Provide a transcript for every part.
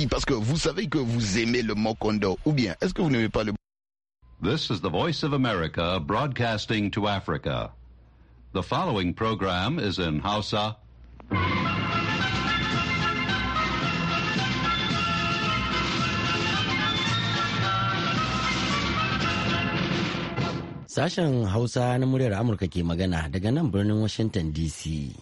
qui Parce que vous savez que vous aimez le ou bien est-ce que vous n'aimez pas le... This is the Voice of America broadcasting to Africa. The following program is in Hausa. Sashen Hausa na muryar Amurka ke magana daga nan birnin Washington DC.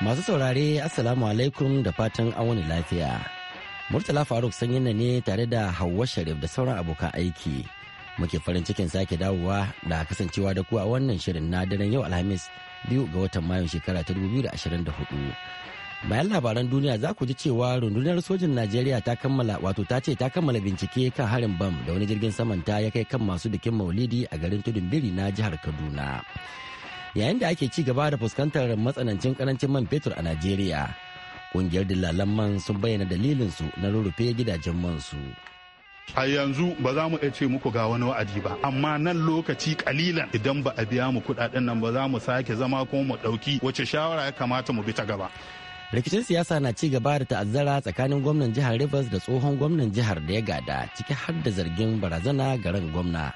Masu saurare Assalamu alaikum da fatan an wani lafiya. Murtala Faruk sanyin ne tare da Hauwa Sharif da sauran abokan aiki. Muke farin cikin sake dawowa da kasancewa da ku a wannan shirin na daren yau Alhamis biyu ga watan Mayu shekara ta 2024. Bayan labaran duniya za ku ji cewa rundunar sojin Najeriya ta kammala wato ta ce ta kammala bincike kan harin bam da wani jirgin samanta ya kai kan masu bikin maulidi a garin tudun biri na jihar Kaduna. yayin da ake ci gaba da fuskantar matsanancin karancin man fetur a najeriya kungiyar dillalan man sun bayyana dalilinsu na rurrufe gidajen man su a yanzu ba za mu iya ce muku ga wani wa'adi ba amma nan lokaci kalilan idan ba a biya mu kudaden nan ba za mu sake zama ko mu dauki wace shawara ya kamata mu bi ta gaba rikicin siyasa na ci gaba da ta'azzara tsakanin gwamnan jihar rivers da tsohon gwamnan jihar da ya gada ciki har da zargin barazana ga ran gwamna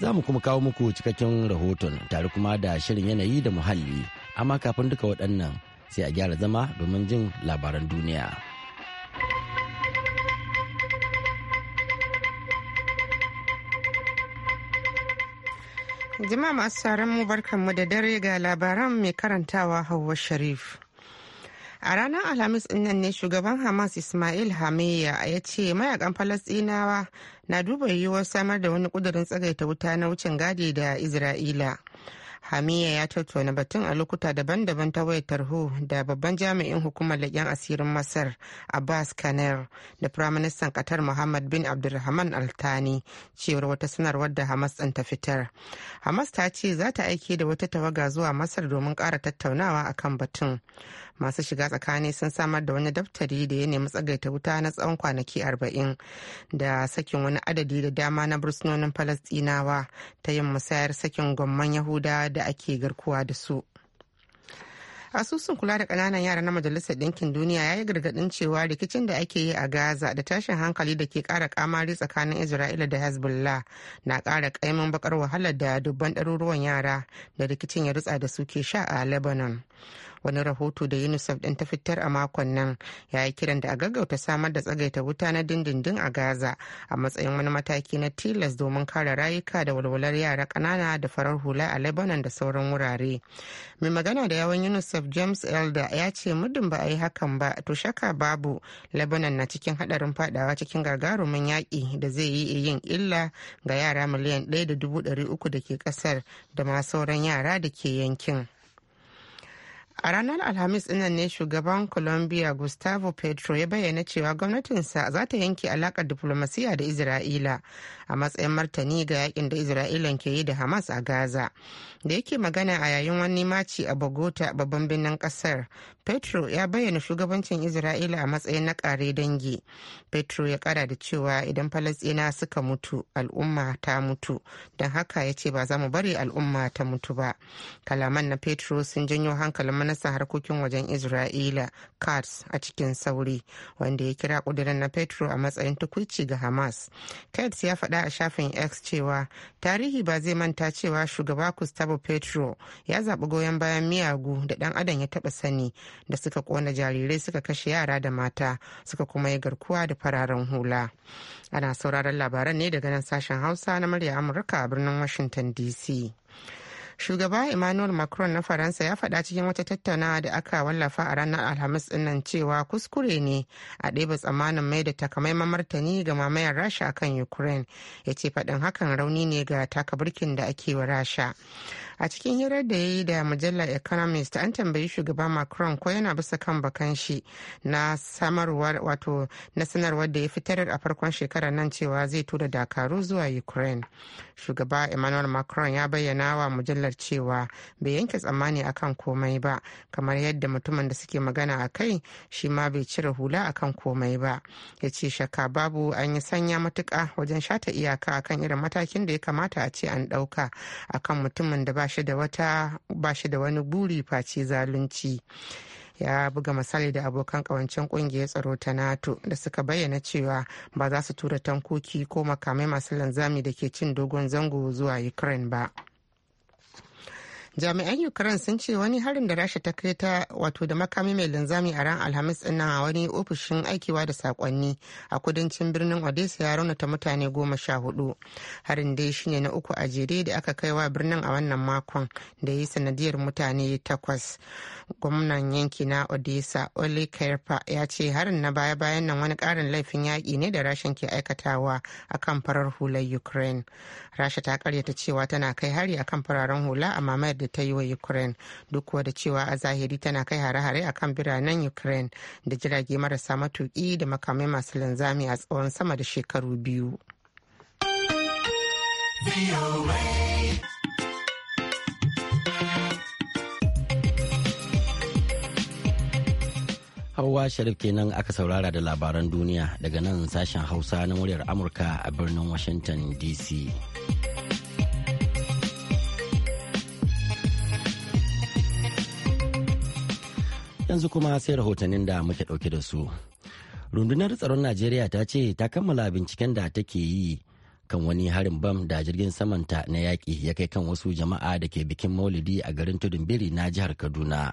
za mu kuma kawo muku cikakken rahoton tare kuma da shirin yanayi da muhalli amma kafin duka waɗannan sai a gyara zama domin jin labaran duniya jima masu mu barkanmu da dare ga labaran mai karantawa hauwa sharif a ranar alhamis nan ne shugaban hamas ismail hamiya ya ce mayakan falasdinawa na duba yiwuwar samar da wani kudurin tsagaita wuta na wucin gadi da isra'ila hamiya ya tattauna batun a lokuta daban-daban ta wayar tarho da babban jami'in hukumar leƙen asirin masar abbas kaner da firaministan qatar muhammad bin abdulrahman altani cewar wata sanarwar da hamas ɗin ta fitar hamas ta ce za ta aiki da wata tawaga zuwa masar domin ƙara tattaunawa akan batun masu shiga tsakani sun samar da wani daftari da ya nemi tsagaita wuta na tsawon kwanaki arba'in da sakin wani adadi da dama na bursunonin falastinawa ta yin musayar sakin gwamman yahuda da ake garkuwa da su asusun kula da kananan yara na majalisar ɗinkin duniya ya yi gargaɗin cewa rikicin da ake yi a gaza da tashin hankali da ke kara kamari tsakanin isra'ila da hezbollah na ƙara ƙaimin bakar wahalar da dubban ɗaruruwan yara da rikicin ya rutsa da su ke sha a lebanon wani rahoto da unicef din ta fitar a makon nan ya yi kiran da a gaggauta samar da tsagaita wuta na dindindin a gaza a matsayin wani mataki na tilas domin kare rayuka da walwalar yara kanana da farar hula a lebanon da sauran wurare mai magana da yawon unicef james elder ya ce muddin ba a yi hakan ba to shaka babu lebanon na cikin hadarin fadawa cikin gagarumin yaƙi da zai yi yin illa ga yara miliyan ɗaya da ke kasar da ma sauran yara da ke yankin. a ranar alhamis dinnan ne shugaban colombia gustavo petro ya bayyana cewa gwamnatinsa za ta yanke alakar diplomasiya da isra'ila a matsayin martani ga yakin da isra'ila ke yi da hamas a gaza da yake magana a yayin wani maci a bogota babban birnin kasar petro ya bayyana shugabancin isra'ila a matsayin na kare dangi petro ya kara da cewa idan falastina suka mutu al'umma ta mutu don haka ya ce ba za mu bari al'umma ta mutu ba kalaman na petro sun janyo hankalin nasa harkokin wajen isra'ila katz a cikin sauri wanda ya kira kudirin na petro a matsayin tukuci ga hamas katz ya faɗa a shafin x cewa tarihi ba zai manta cewa shugaba gustavo petro ya zaɓi goyon bayan miyagu da ɗan adam ya taɓa sani da suka kona jarirai suka kashe yara da mata suka kuma yi garkuwa da fararen hula ana sauraron labaran ne daga nan sashen hausa na murya amurka a birnin washington dc shugaba emmanuel macron na faransa ya faɗa cikin wata tattaunawa da aka wallafa a ranar alhamis dinnan cewa kuskure ne a ɗeba tsammanin mai da takamaiman martani ga mamayar rasha akan ukraine ya ce faɗin hakan rauni ne ga takabirkin da ake wa rasha a cikin hirar da ya yi da mujallar economist an tambayi shugaba macron ko yana bisa kan bakan shi na samarwar wato na sanarwar da ya fitar a farkon shekarar nan cewa zai tura dakaru zuwa ukraine shugaba emmanuel macron ya bayyana wa mujallar maganar cewa bai yanke tsammani akan komai ba kamar yadda mutumin da suke magana a kai shi ma bai cire hula akan komai ba ya ce shakka babu an yi sanya matuka wajen shata iyaka akan irin matakin da ya kamata a ce an ɗauka akan mutumin da ba shi da wani buri face zalunci ya buga misali da abokan kawancin kungiyar tsaro ta nato da suka bayyana cewa ba za su tura tankoki ko makamai masu linzami da ke cin dogon zango zuwa ukraine ba jami'an ukraine sun ce wani harin da rasha ta kai ta wato da makami mai linzami a ran alhamis din nan a wani ofishin aikiwa da sakonni a kudancin birnin odessa ya raunata mutane goma sha hudu harin dai shine na uku a jere da aka kai wa birnin a wannan makon da ya yi sanadiyar mutane takwas gwamnan yanki na odessa ole kerpa ya ce harin na baya bayan nan wani karin laifin yaƙi ne da rashin ke aikatawa akan farar hular ukraine rasha ta karyata cewa tana kai hari akan fararen hula a mamayar da ta yi wa ukraine duk da cewa a zahiri tana kai hare-hare a kan biranen ukraine da jirage marasa matuki da makamai masu linzami a tsawon sama da shekaru biyu Hauwa Sharif kenan aka saurara da labaran duniya daga nan sashen Hausa na muryar Amurka a birnin Washington DC. yanzu kuma sai rahotannin da muke ɗauke da su rundunar tsaron najeriya ta ce ta kammala binciken da take yi kan wani harin bam da jirgin samanta na yaƙi ya kai kan wasu jama'a da ke bikin maulidi a garin tudun biri na jihar kaduna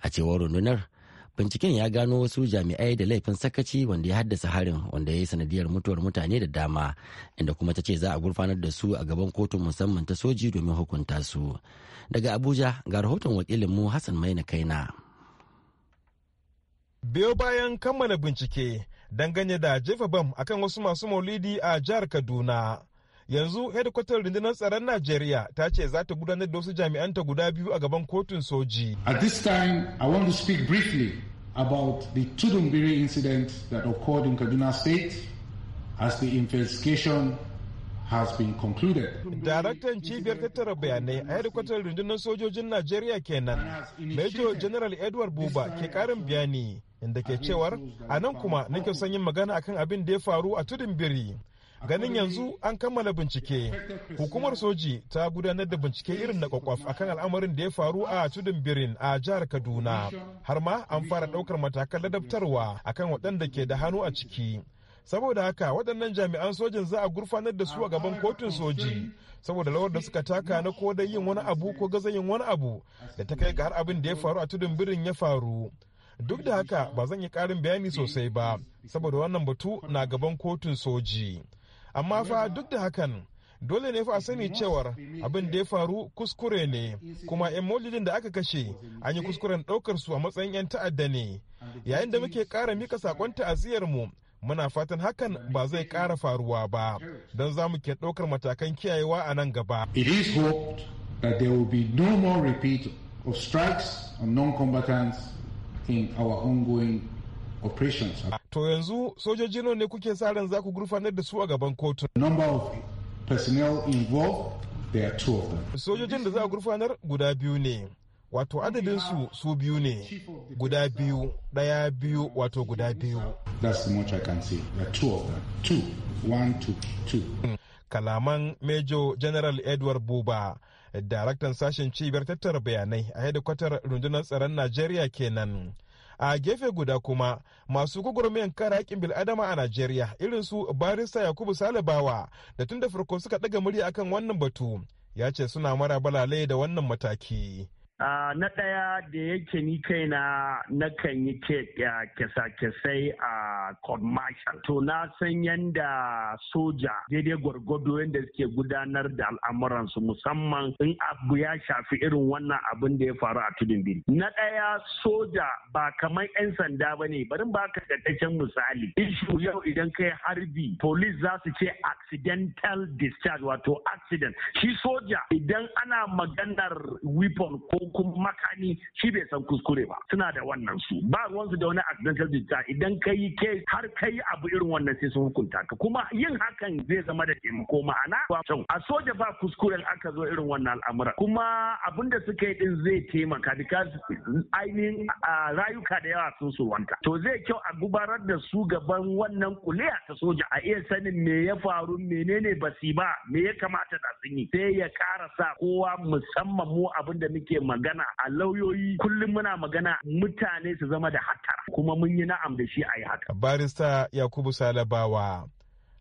a cewar rundunar binciken ya gano wasu jami'ai da laifin sakaci wanda ya haddasa harin wanda ya yi sanadiyar mutuwar mutane da dama inda kuma ta ce za a gurfanar da su a gaban kotun musamman ta soji domin hukunta su daga abuja ga rahoton wakilinmu hassan maina kaina biyo bayan kammala bincike dangane da jefa bam akan wasu masu maulidi a jihar kaduna yanzu hedikwatar rundunar tsaron najeriya ta ce za ta gudanar da wasu jami'anta guda biyu a gaban kotun soji at this time i want to speak briefly about the tudunbiri incident that occurred in kaduna state as the investigation has been concluded. Daraktan cibiyar tattara bayanai a hedikwatar rundunar sojojin Najeriya kenan, Major General Edward Buba ke karin bayani inda ke cewar a nan kuma nake son yin magana akan abin da ya faru a tudun biri. Ganin yanzu an kammala bincike, hukumar soji ta gudanar da bincike irin na kwakwaf akan al'amarin da ya faru a tudun birin a jihar Kaduna, har ma an fara ɗaukar matakan ladabtarwa akan waɗanda ke da hannu a ciki. saboda haka waɗannan jami'an sojin za a gurfanar da su a gaban kotun soji saboda lawar da suka taka na ko dai yin wani abu ko gaza yin wani abu da ta kai ga har abin da ya faru a tudun birin ya faru duk da haka ba zan yi ƙarin bayani sosai ba saboda wannan batu na gaban kotun soji amma fa duk da hakan dole ne fa a sani cewar abin da ya faru kuskure ne kuma 'yan maulidin da aka kashe an yi kuskuren ɗaukar su a matsayin 'yan ta'adda ne yayin da muke ƙara mika sakon ta'aziyar mu muna fatan hakan ba zai ƙara faruwa ba don za mu ke ɗaukar matakan kiyayewa a nan gaba. It is hoped that there will be no more repeat of strikes on non-combatants in our ongoing operations. To yanzu sojoji nawa ne kuke sa ran za ku gurfanar da su a gaban kotu. Number of personnel involved, there are two of them. Sojojin da za a gurfanar guda biyu ne. wato adadin su su biyu ne guda biyu daya biyu wato guda biyu kalaman major general edward buba daraktan sashen cibiyar tattara bayanai a hedikwatar rundunar tsaron najeriya kenan a gefe guda kuma masu mayan kara haƙƙin bil'adama a najeriya irin su barista yakubu salibawa da tun da farko suka ɗaga murya akan wannan batu ya ce suna mara balale da wannan mataki na ɗaya da yake ni kaina na kan yi kyasa-kyasai a court martial to na san yanda soja daidai gwargwado yadda suke gudanar da al'amuransu musamman in abu ya shafi irin wannan abin da ya faru a tudun biri na ɗaya soja ba kamar 'yan sanda ba ne barin ba ka taƙaicen misali ishu yau idan kai harbi police za su ce accidental discharge wato accident shi soja idan ana maganar weapon ko kuma makami shi bai san kuskure ba suna da wannan su ba ruwansu da wani accidental discharge idan ka yi ke har ka yi abu irin wannan sai sun hukunta ka kuma yin hakan zai zama da taimako ma'ana a soja ba kuskuren aka zo irin wannan al'amura kuma abin da suka yi din zai taimaka because ainihin rayuka da yawa sun surwanta to zai kyau a gubarar da su gaban wannan kuliya ta soja a iya sanin me ya faru menene basi ba me ya kamata da sun yi sai ya kara sa kowa musamman mu abin da muke ma. magana a lauyoyi kullum muna magana mutane su zama da hatara kuma mun yi na'am da shi a yi haka. Barista Yakubu Salabawa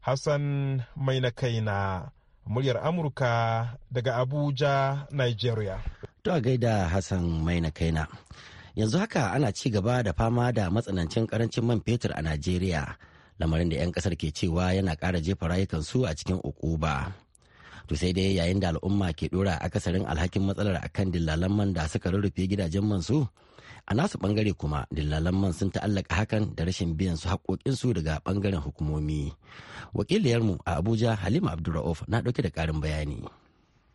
Hassan Mai na muryar Amurka daga Abuja, Nigeria. To a gaida Hassan mainakaina Yanzu haka ana ci gaba da fama da matsanancin karancin man fetur a Najeriya. lamarin da 'yan kasar ke cewa yana kara jefa rayukansu a cikin ukuba. to sai dai yayin da al'umma ke dora akasarin alhakin matsalar akan dillalan man da suka rurrufe gidajen man su a nasu bangare kuma dillalan man sun ta'allaka hakan da rashin biyan su su daga bangaren hukumomi wakiliyarmu a abuja halima abdulra'uf na ɗauke da ƙarin bayani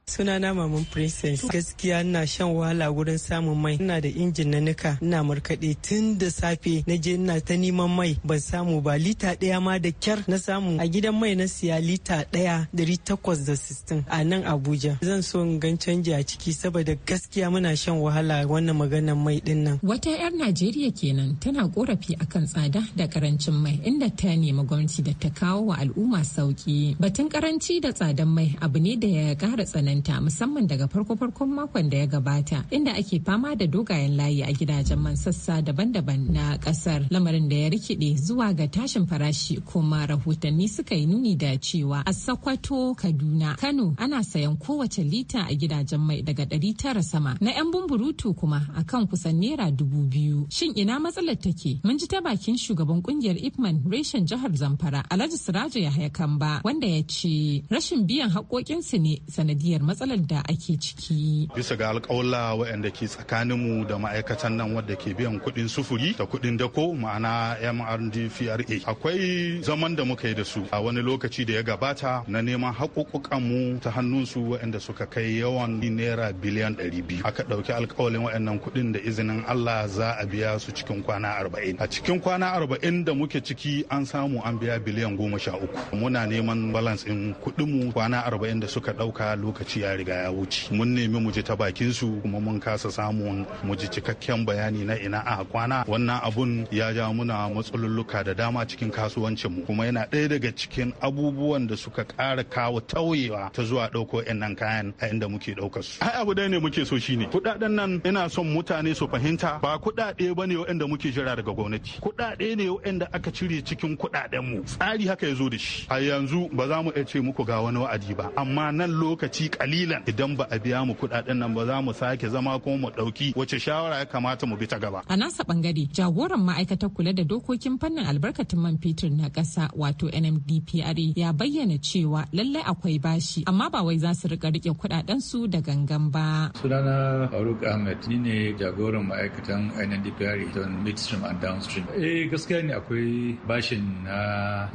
sunana maman princess gaskiya ina shan wahala wurin samun mai ina da injin na nika ina markaɗe tun da safe na je ina ta neman mai ban samu ba lita ɗaya ma da kyar na samu a gidan mai na siya lita ɗaya dari takwas da sistin a nan abuja zan so in gan canji a ciki saboda gaskiya muna shan wahala wannan maganar mai din nan wata yar najeriya kenan tana korafi akan tsada da karancin mai inda ta nemi gwamnati da ta kawo wa al'umma sauki batun karanci da tsadan mai abu ne da ya kara tsanani makaranta musamman daga farko-farkon makon da ya gabata inda ake fama da dogayen layi a gidajen man sassa daban-daban na kasar lamarin da ya rikide zuwa ga tashin farashi kuma rahotanni suka yi nuni da cewa a sakwato Kaduna, Kano ana sayan kowace lita a gidajen mai daga ɗari tara sama na 'yan bumburutu kuma a kan kusan naira dubu biyu. Shin ina matsalar take? Mun ji ta bakin shugaban kungiyar Ipman reshen jihar Zamfara Alhaji Sirajo Yahaya Kamba wanda ya ce rashin biyan haƙoƙinsu ne sanadiyar matsalar da ake ciki. Bisa ga alkawala waɗanda ke tsakaninmu da ma'aikatan nan wadda ke biyan kuɗin sufuri da kuɗin dako ma'ana MRDFRA. Akwai zaman da muka yi da su a wani lokaci da ya gabata na neman haƙuƙuƙanmu ta hannunsu waɗanda suka kai yawan naira biliyan ɗari biyu. Aka ɗauki alkawalin waɗannan kuɗin da izinin Allah za a biya su cikin kwana arba'in. A cikin kwana arba'in da muke ciki an samu an biya biliyan goma sha uku. Muna neman balance ɗin kuɗinmu kwana arba'in da suka ɗauka lokaci ya riga ya wuce mun nemi mu ji ta bakin su kuma mun kasa samun mu cikakken bayani na ina a kwana wannan abun ya ja muna matsalolluka da dama cikin kasuwancin mu kuma yana ɗaya daga cikin abubuwan da suka ƙara kawo tauyewa ta zuwa ɗauko nan kayan a inda muke ɗaukar su ai abu dai ne muke so shine kuɗaɗen nan ina son mutane su fahimta ba kuɗaɗe ba ne muke jira daga gwamnati kuɗaɗe ne waɗanda aka cire cikin kuɗaɗen mu tsari haka ya zo da shi a yanzu ba za mu iya ce muku ga wani wa'adi ba amma nan lokaci kalilan idan ba a biya mu kuɗaɗen nan ba za mu sake zama kuma mu ɗauki wace shawara ya kamata mu bi ta gaba. A nasa bangare jagoran ma'aikatar kula da dokokin fannin albarkatun man fetur na kasa wato NMDPRA ya bayyana cewa lallai akwai bashi amma ba wai za su rika rike kuɗaɗen su da gangan ba. Sunana Faruk Ahmed ni ne jagoran ma'aikatan NNDPRA don midstream and downstream. Eh gaskiya ne akwai bashin na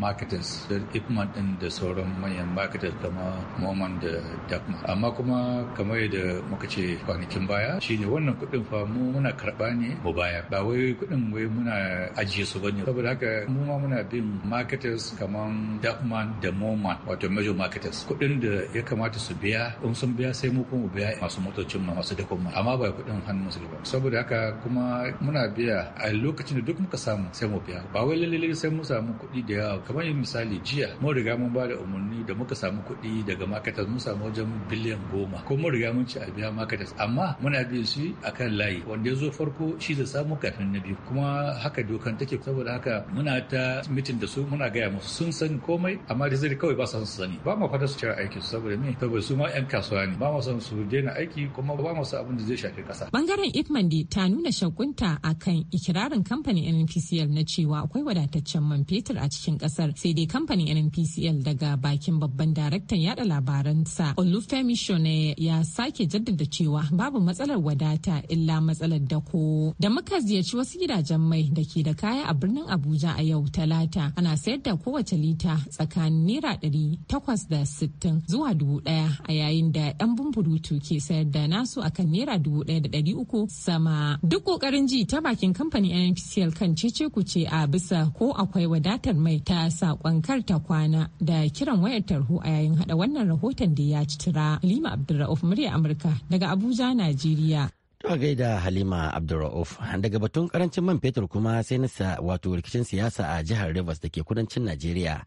marketers da equipment din da sauran manyan marketers kamar Moman da Dapman. Ama amma kuma kamar yadda muka ce kwanakin baya shine wannan kuɗin fa mu muna karɓa ne mu baya ba wai kuɗin wai muna ajiye su bane saboda haka mu ma muna bin marketers kaman Dapman da Moman wato major marketers kuɗin da ya kamata su biya in sun biya sai mu kuma biya masu motocin ma masu dakon ma amma ba kuɗin hannun su ba saboda haka kuma muna biya a lokacin da duk muka samu sai mu biya ba wai lalle sai mu samu kuɗi da yawa kamar misali jiya mun riga mun ba da umarni da muka samu kuɗi daga marketers mun samu wajen biliyan goma ko mun riga mun ci a biya maka da amma muna bin shi akan layi wanda ya zo farko shi zai samu kafin na biyu kuma haka dokan take saboda haka muna ta mitin da su muna gaya musu sun san komai amma da zai kawai ba su sani ba mu fata su cire aikin saboda me saboda su ma yan kasuwa ne ba mu san su daina aiki kuma ba mu san abin da zai shafi kasa bangaren ikmandi ta nuna shakunta akan ikirarin kamfanin NPCL na cewa akwai wadataccen man fetur a cikin kasar sai dai kamfanin NPCL daga bakin babban daraktan yada labaransa Oluf commission ya sake jaddada cewa babu matsalar wadata illa matsalar dako da muka ziyarci wasu gidajen mai da ke da kaya a birnin abuja a yau talata ana sayar da kowace lita tsakanin naira ɗari takwas da sittin zuwa dubu ɗaya a yayin da yan bumburutu ke sayar da nasu akan naira dubu ɗaya da ɗari uku sama duk ƙoƙarin ji ta bakin kamfanin nfcl kan cece ku ce a bisa ko akwai wadatar mai ta saƙon kar ta kwana da kiran wayar tarho a yayin haɗa wannan rahoton da ya ci tura Amurka. Halima Abdulra'uf murya Amurka daga Abuja, Najeriya. To gaida Halima Abdulra'uf daga batun karancin man fetur kuma sai na wato rikicin siyasa a jihar Rivers da ke kudancin Najeriya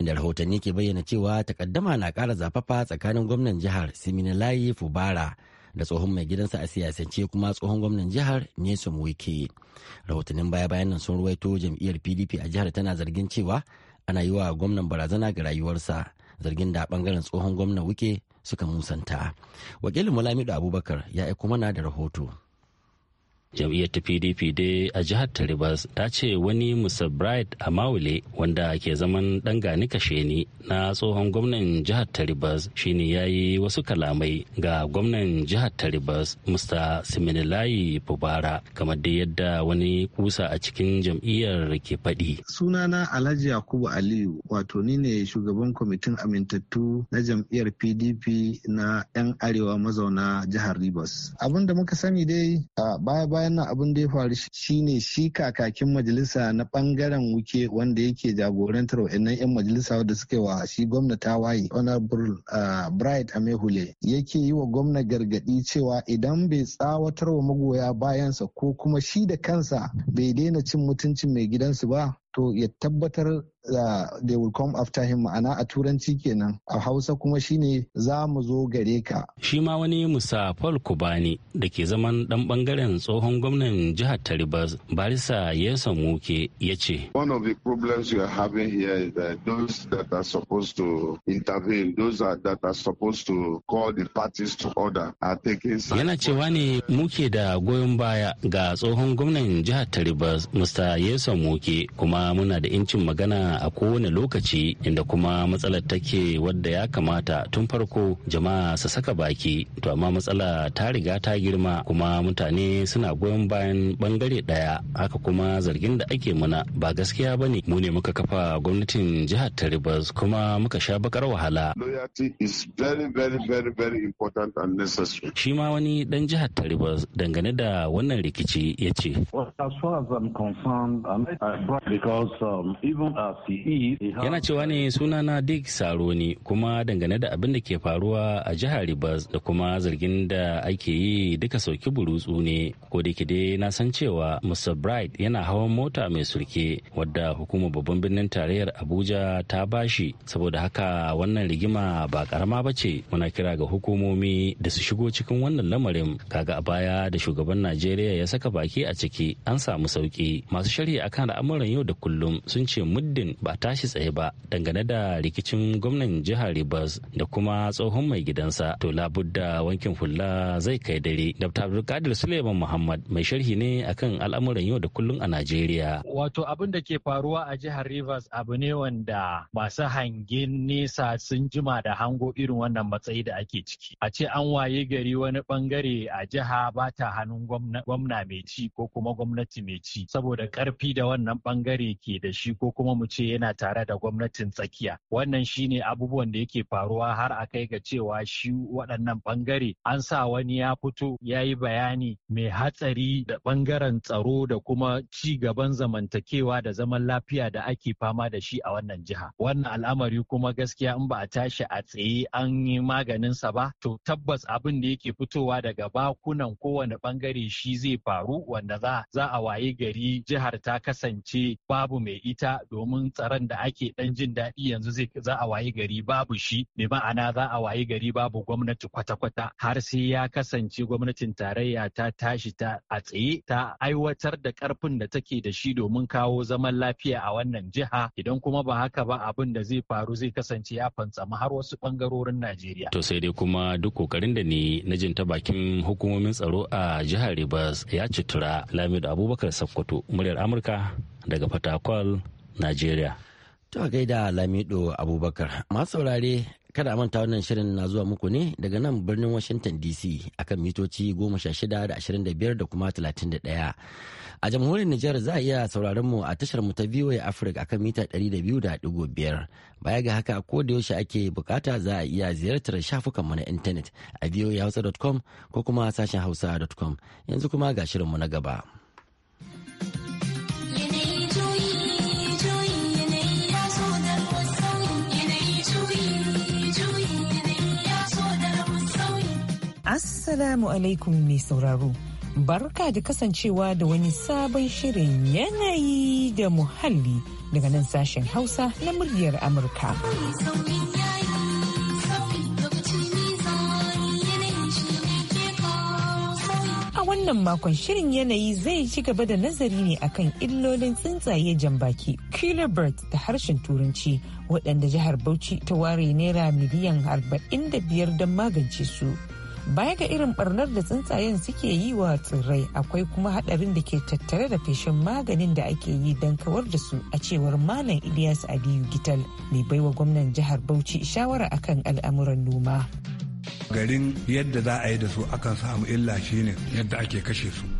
inda rahotanni ke bayyana cewa takaddama na kara zafafa tsakanin gwamnan jihar Siminalayi Fubara da tsohon mai gidansa a siyasance kuma tsohon gwamnan jihar Nyesom Wike. Rahotannin baya-bayan nan sun ruwaito jam'iyyar PDP a jihar tana zargin cewa ana yi wa gwamnan barazana ga rayuwarsa zargin da bangaren tsohon gwamnan Wike suka musanta wakilin malamido abubakar ya kuma na da rahoto jam'iyyar ta pdp dai a jihar taribas ta ce wani musa bright maule wanda ke zaman dan gani kashe ni na tsohon gwamnan jihar taribas shine ya yi wasu kalamai ga gwamnan jihar taribas mr siminilayi fubara kamar da yadda wani kusa a cikin jam'iyyar ke faɗi. sunana alhaji yakubu aliyu wato ni ne shugaban kwamitin amintattu na jam'iyyar pdp na 'yan arewa mazauna jihar ribas abin muka sani dai a baya bayan nan abin da ya faru shine shi kakakin majalisa na bangaren wuke wanda yake jagorantar wa'annan 'yan majalisa wadda suka wa shi gwamna tawaye honorable bright amehule yake yi wa gwamna gargadi cewa idan bai tsawatar wa magoya bayansa ko kuma shi da kansa bai daina cin mutuncin mai gidansu ba to ya tabbatar da uh, they will come after him ma'ana a turanci kenan a hausa kuma shine za mu zo gare ka shi ma wani musa paul kubani da ke zaman dan bangaren tsohon gwamnan jihar taribas barisa yesa muke ya ce one of the problems we are having here is that those that are supposed to intervene those that are supposed to call the parties to order are taking yana cewa ne muke da goyon baya ga tsohon gwamnan jihar taribas mr yesa muke kuma muna da incin magana a kowane lokaci inda kuma matsalar take wadda ya kamata tun farko jama'a su saka baki to amma matsala ta riga ta girma kuma mutane suna goyon bayan bangare daya haka kuma zargin da ake muna ba gaskiya bane mu ne muka kafa gwamnatin jihar taribas kuma muka sha bakar wahala shi ma wani dan jihar ta dangane da wannan rikici ya ce Um, yana cewa ne sunana Dick Saroni kuma dangane da abin da ke faruwa a jihar ribas da kuma zargin da ake yi duka sauki burutsu ne ko da dai na san cewa Mr Bright yana hawan mota mai surke wadda hukumar babban birnin tarayyar Abuja ta bashi saboda haka wannan rigima ba karama ba ce muna kira ga hukumomi da su shigo cikin wannan lamarin kaga a baya da shugaban Najeriya ya saka baki a ciki an samu sauki masu shari'a akan al'amuran yau da kullum sun ce muddin ba tashi tsaye ba dangane da rikicin gwamnan jihar Rivers da kuma tsohon mai gidansa to labudda wankin hula zai kai dare. Dr. Abdulkadir Suleiman Muhammad mai sharhi ne akan al'amuran yau da kullum a Najeriya. Wato abin da ke faruwa a jihar Rivers abu ne wanda masu hangin nesa sun jima da hango irin wannan matsayi da ake ciki. A ce an waye gari wani bangare a jiha ba ta hannun gwamna mai ci ko kuma gwamnati mai ci saboda karfi da wannan bangare ke da shi ko kuma mu ce yana tare da gwamnatin tsakiya wannan shine abubuwan da yake faruwa har a kai ga cewa shi waɗannan ɓangare an sa wani ya fito ya yi bayani mai hatsari da ɓangaren tsaro da kuma ci gaban zamantakewa da zaman lafiya da ake fama da shi a wannan jiha wannan al'amari kuma gaskiya in ba a tashi a tsaye an yi maganin sa ba to tabbas abin da yake fitowa daga bakunan kowane ɓangare shi zai faru wanda za a waye gari jihar ta kasance ba babu mai ita domin tsaron da ake dan jin daɗi yanzu zai za a wayi gari babu shi mai ma'ana za a wayi gari babu gwamnati kwata-kwata har sai ya kasance gwamnatin tarayya ta tashi ta a tsaye ta aiwatar da karfin da take da shi domin kawo zaman lafiya a wannan jiha idan kuma ba haka ba abin da zai faru zai kasance ya fantsama har wasu bangarorin Najeriya. To sai dai kuma duk kokarin da ni na jin ta bakin hukumomin tsaro a jihar Rivers ya citura Lamido Abubakar Sokoto muryar Amurka daga fatakwal najeriya to gaida lamido abubakar masu saurare kada a manta wannan shirin na zuwa muku ne daga nan birnin washington dc akan mitoci 16 da da kuma 31 a jamhuriyar nijar za a iya sauraron mu a tashar mu ta voa africa akan mita 200.5 baya ga haka ko da yaushe ake bukata za a iya ziyartar shafukan mu na intanet a voahausa.com ko kuma sashen hausa.com yanzu kuma ga shirin mu na gaba. Assalamu alaikum mai sauraro. Barka da kasancewa da wani sabon shirin yanayi da muhalli daga nan sashen Hausa na muryar Amurka. a wannan makon shirin yanayi zai ci gaba da nazari ne akan illolin tsuntsaye jambaki killer bird da harshen turanci waɗanda jihar bauchi ta ware naira miliyan 45 don magance su baya ga irin barnar da tsuntsayen suke yi wa tsirrai akwai kuma hadarin da ke tattare da feshin maganin da ake yi don kawar da su a cewar malam ilyas aliyu gital mai baiwa gwamnan jihar bauchi shawara akan al'amuran noma garin yadda za a yi da su akan samu illa shine yadda ake kashe su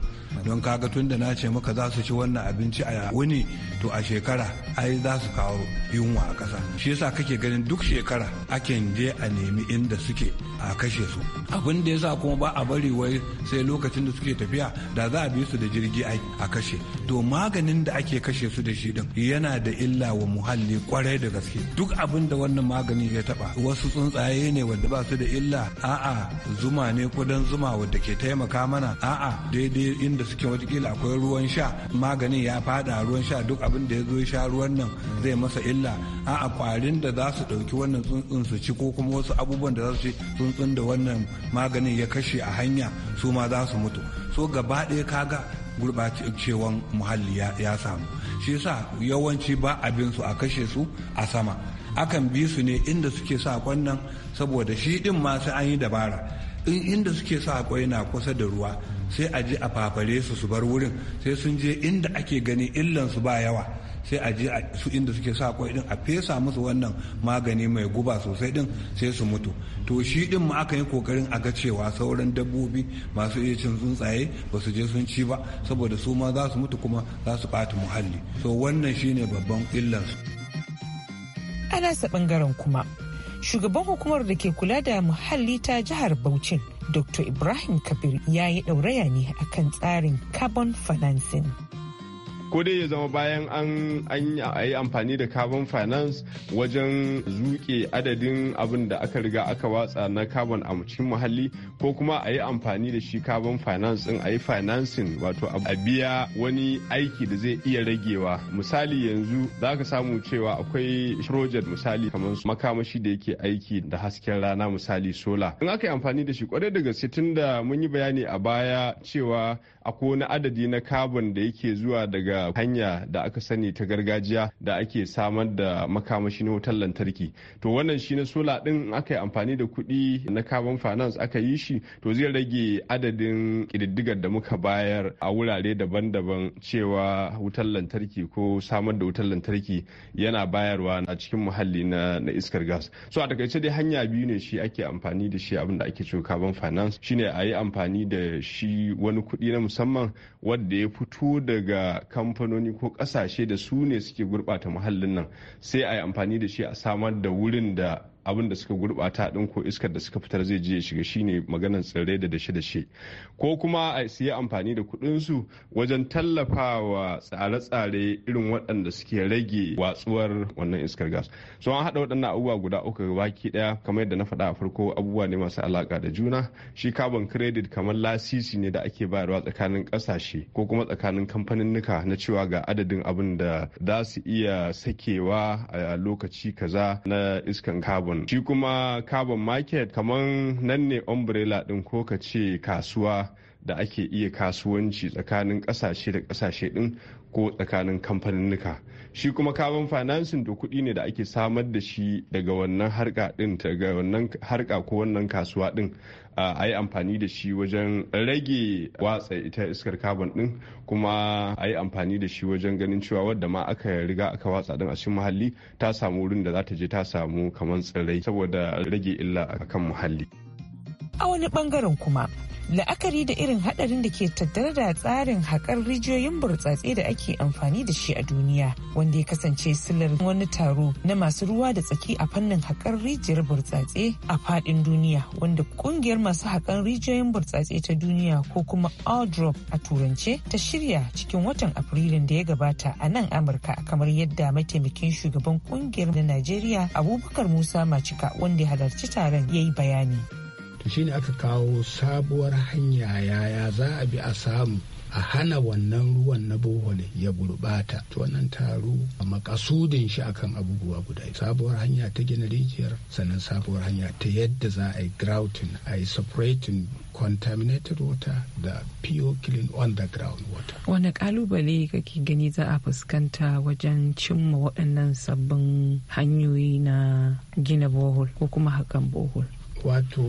don kaga tun da na ce maka za su ci wannan abinci a wuni to a shekara ai za su kawo yunwa a ƙasa shi yasa kake ganin duk shekara ake je a nemi inda suke a kashe su abin da yasa kuma ba a bari wai sai lokacin da suke tafiya da za a bi su da jirgi ai a kashe to maganin da ake kashe su da shi din yana da illa wa muhalli kwarai da gaske duk abin da wannan magani ya taba wasu tsuntsaye ne wanda ba su da illa a'a zuma ne kudan zuma wanda ke taimaka mana a'a daidai inda suke watakila akwai ruwan sha maganin ya fada ruwan sha duk abin da ya zo sha ruwan nan zai masa illa a kwarin da za su ɗauki wannan tsuntsun su ci ko kuma wasu abubuwan da za su ci tsuntsun da wannan maganin ya kashe a hanya su ma za su mutu so gaba ɗaya kaga gurɓacewan muhalli ya samu shi yasa yawanci ba abin su a kashe su a sama akan bi su ne inda suke sa kwannan saboda shi ɗin ma sai an yi dabara in inda suke sa kwai na kusa da ruwa sai a je a fafare su su bar wurin sai sun je inda ake gani illansu ba yawa sai a je su inda suke sa kwai din a fesa musu wannan magani mai guba sosai din sai su mutu to shi din ma aka yi kokarin a ga cewa sauran dabbobi masu iya cin tsuntsaye ba su je sun ci ba saboda su ma za su mutu kuma za su ɓata muhalli so wannan shine babban illan su a nasa bangaren kuma shugaban hukumar da ke kula da muhalli ta jihar Bauchin Dr. Ibrahim Kabir ya yi ɗauraya ne akan tsarin carbon financing. ko dai ya zama bayan an yi amfani da carbon finance wajen zuke adadin abin da aka riga aka watsa na carbon a cikin muhalli ko kuma a yi amfani da shi carbon finance din a yi financing wato a biya wani aiki da zai iya ragewa misali yanzu za ka samu cewa akwai project misali kamar makamashi da yake aiki da hasken rana misali sola in aka yi amfani da shi kwarai da gaske tun da mun yi bayani a baya cewa akwai wani adadi na carbon da yake zuwa daga hanya da aka sani ta gargajiya da ake samar da makamashi na wutar lantarki to wannan shi na sola din aka yi amfani da kuɗi na carbon finance aka yi shi to zai rage adadin ƙididdigar da muka bayar a wurare daban-daban cewa wutar lantarki ko samar da wutar lantarki yana bayarwa a cikin muhalli na, na iskar gas so a takaice dai hanya biyu ne shi ake amfani da shi abin da ake cewa carbon finance shine a yi amfani da shi wani kuɗi na musamman wanda ya fito daga kamfanin kamfanoni ko kasashe da su ne suke gurɓata muhallin nan sai a yi amfani da shi a samar da wurin da abin da suka gurbata din ko iskar da suka fitar zai je shiga shine maganar tsirrai da dashe-dashe ko kuma a su yi amfani da kuɗin su wajen tallafawa tsare-tsare irin waɗanda suke rage watsuwar wannan iskar gas so an haɗa waɗannan abubuwa guda uku baki ɗaya kamar yadda na faɗa a farko abubuwa ne masu alaƙa da juna shi carbon credit kamar lasisi ne da ake bayarwa tsakanin ƙasashe ko kuma tsakanin kamfaninnika na cewa ga adadin abin da za su iya sakewa a lokaci kaza na iskan carbon carbon shi kuma carbon market kamar nan ne umbrella din ko ka ce kasuwa da ake iya kasuwanci tsakanin kasashe da kasashe din ko tsakanin kamfaninnika shi kuma carbon financing da kuɗi ne da ake samar da shi daga wannan harka din daga wannan harka ko wannan kasuwa din a yi amfani da shi wajen rage watsa ita iskar carbon din kuma a yi amfani da shi wajen ganin cewa wadda ma aka riga aka watsa din a cikin muhalli ta samu wurin da za ta je ta samu kamar tsirrai saboda rage illa akan muhalli a wani bangaren kuma la'akari da irin hadarin da ke tattare da tsarin haƙar rijiyoyin burtsatse da ake amfani da shi a duniya wanda ya kasance silar wani taro na masu ruwa da tsaki a fannin haƙar rijiyar burtsatse a fadin duniya wanda ƙungiyar masu haƙar rijiyoyin burtsatse ta duniya ko kuma audrop a turance ta shirya cikin watan afrilun da ya gabata a nan amurka kamar yadda mataimakin shugaban ƙungiyar na najeriya abubakar musa macika wanda ya halarci taron ya yi bayani. to ne aka kawo sabuwar hanya yaya za a bi a samu a hana wannan ruwan na bohol ya gurbata to wannan taro a makasudin shi akan abubuwa guda sabuwar hanya ta gina rijiyar sannan sabuwar hanya ta yadda za a yi grouting a yi separating contaminated water da pure clean underground water wani kalubale kake gani za a fuskanta wajen cimma waɗannan sabbin hanyoyi na gina bohol ko kuma hakan bohol wato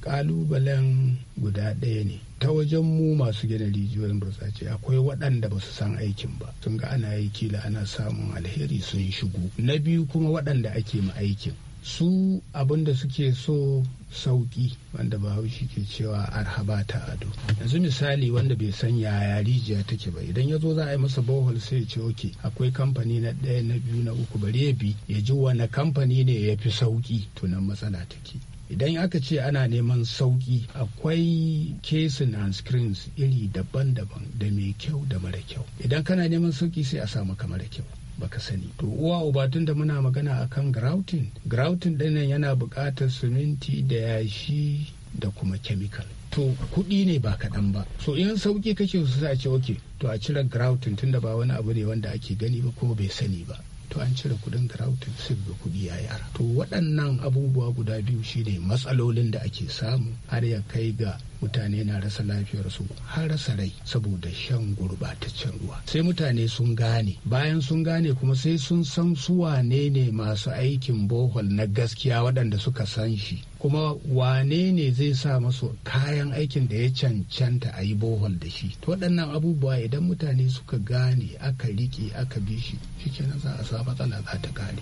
kalubalen guda ɗaya ne ta wajen mu masu gina rijiyoyin burtsace akwai waɗanda ba su san aikin ba sun ga ana yi kila ana samun alheri sun shigo na biyu kuma waɗanda ake ma aikin su abin da suke so sauki wanda haushi ke cewa arhaba ta ado yanzu misali wanda bai san yaya rijiya take ba idan ya zo za a yi masa bohol sai ya ce oke akwai kamfani na ɗaya na biyu na uku bare bi ya ji wani kamfani ne ya fi sauki tunan matsala take idan aka ce ana neman sauki akwai kesin and screens iri daban-daban da mai kyau da mara kyau idan kana neman sauki sai a samu ka mara kyau baka sani to uwa uba tun da muna magana akan grouting grouting dinnan yana buƙatar siminti da yashi da kuma chemical to kuɗi ne ba kaɗan ba so in sauki kake su sai a ce oke to a cire grouting tunda ba wani abu ne wanda ake gani ba ko bai sani ba to an cire kuɗin rautin sai ga kuɗi ya yara to waɗannan abubuwa guda biyu shine matsalolin da ake samu har ya kai ga mutane na rasa lafiyarsu har rasa rai saboda shan gurbataccen ruwa sai mutane sun gane bayan sun gane kuma sai sun san su wane ne masu aikin bohol na gaskiya waɗanda suka san shi kuma wane ne zai sa masu kayan aikin da ya cancanta a yi bohol da shi to waɗannan abubuwa idan mutane suka gane aka riƙe aka bi shi shikenan za a sa matsala za ta kare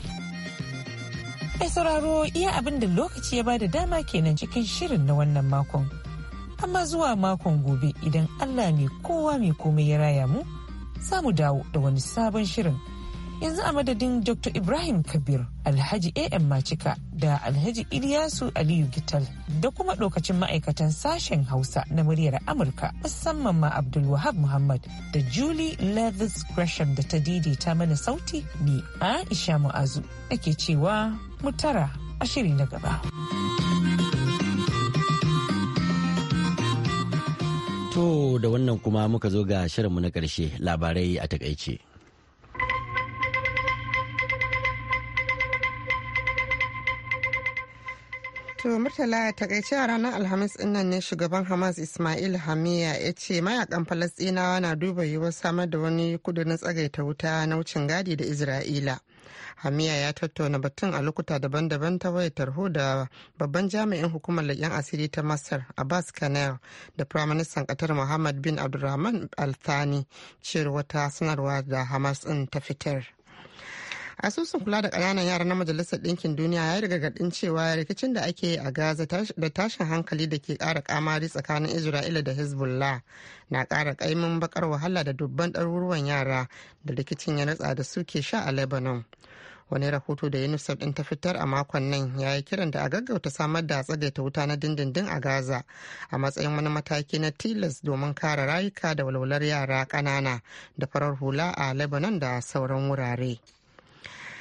ai sauraro iya abin da lokaci ya bada dama kenan cikin shirin na wannan makon amma zuwa makon gobe idan allah mai kowa mai komai ya raya mu za mu dawo da wani sabon shirin yanzu a madadin dr ibrahim kabir alhaji am macika da alhaji ilyasu aliyu gital da kuma lokacin ma'aikatan sashen hausa na muryar amurka musamman ma abdulwahab muhammad da julie levis gresham da ta daidaita mana sauti ni aisha mu'azu ake cewa mutara a shiri na gaba to da wannan kuma muka zo ga shirinmu na ƙarshe labarai a takaice. To Murtala ya takaice a ranar Alhamis nan ne shugaban Hamas Ismail Hamiya ya ce mayakan Falasɗinawa na duba yiwuwar samar da wani kudurin tsagaita wuta na wucin gadi da Isra'ila. Hamiya ya tattauna batun a lokuta daban-daban ta wayar tarho da babban jami'in hukumar leƙen asiri ta Masar Abbas Kanel da Firaministan Qatar Muhammad bin Abdulrahman Al-Thani cewar wata sanarwa da Hamas ɗin ta fitar. asusun kula da ƙananan yara na majalisar ɗinkin duniya ya yi gargaɗin cewa rikicin da ake a gaza da tashin hankali da ke kara kamari tsakanin isra'ila da hezbollah na kara ƙaimin bakar wahala da dubban daruruwan yara da rikicin ya natsa da su ke sha a lebanon wani rahoto da unicef din ta fitar a makon nan ya yi kiran da a gaggauta samar da tsagaita wuta na dindindin a gaza a matsayin wani mataki na tilas domin kare rayuka da walwalar yara ƙanana da farar hula a lebanon da sauran wurare.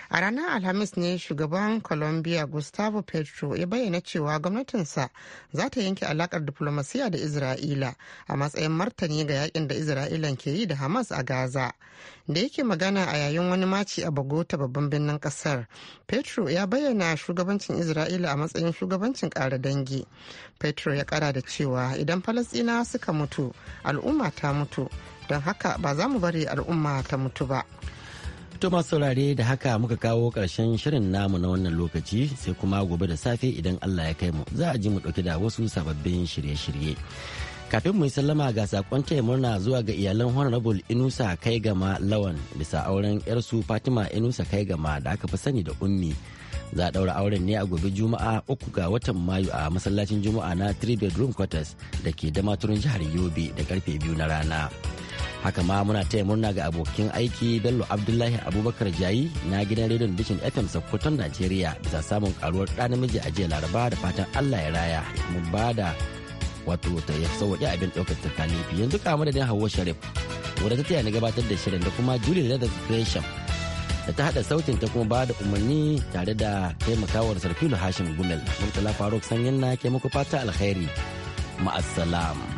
a ranar alhamis ne shugaban colombia gustavo petro ya bayyana cewa gwamnatinsa za ta yanke alakar diplomasiya da isra'ila a matsayin martani ga yakin da isra'ilan ke yi da hamas a gaza da yake magana a yayin wani maci a bagota babban birnin kasar petro ya bayyana shugabancin isra'ila a matsayin shugabancin kara dangi petro ya kara da cewa idan falastina suka mutu al'umma ta mutu don haka ba za mu bari al'umma ta mutu ba To masu saurare da haka muka kawo ƙarshen shirin namu na wannan lokaci sai kuma gobe da safe idan Allah ya kai mu za a ji mu ɗauki da wasu sababbin shirye-shirye. Kafin mu yi sallama ga sakon taya murna zuwa ga iyalan Honorable Inusa kai gama Lawan bisa auren 'yarsu Fatima Inusa kai gama da aka fi sani da Ummi. za a ɗaura auren ne a gobe juma'a uku ga watan mayu a masallacin juma'a na 3 bedroom quarters da ke damaturin jihar yobe da karfe biyu na rana haka ma muna taya murna ga abokin aiki bello abdullahi abubakar jayi na gidan rediyon bishin fm sokoton najeriya bisa samun karuwar ɗa namiji a jiya laraba da fatan allah ya raya mu ba da wato ta ya sauwaƙe abin ɗaukar tsakani yanzu kama da hawa sharif wadda ta taya na gabatar da shirin da kuma julie da gresham da ta haɗa sautin ta kuma ba da umarni tare da taimakawar sarfilu hashim gumel murtala faruk sanyin na ke muku fata alkhairi ma'assalam.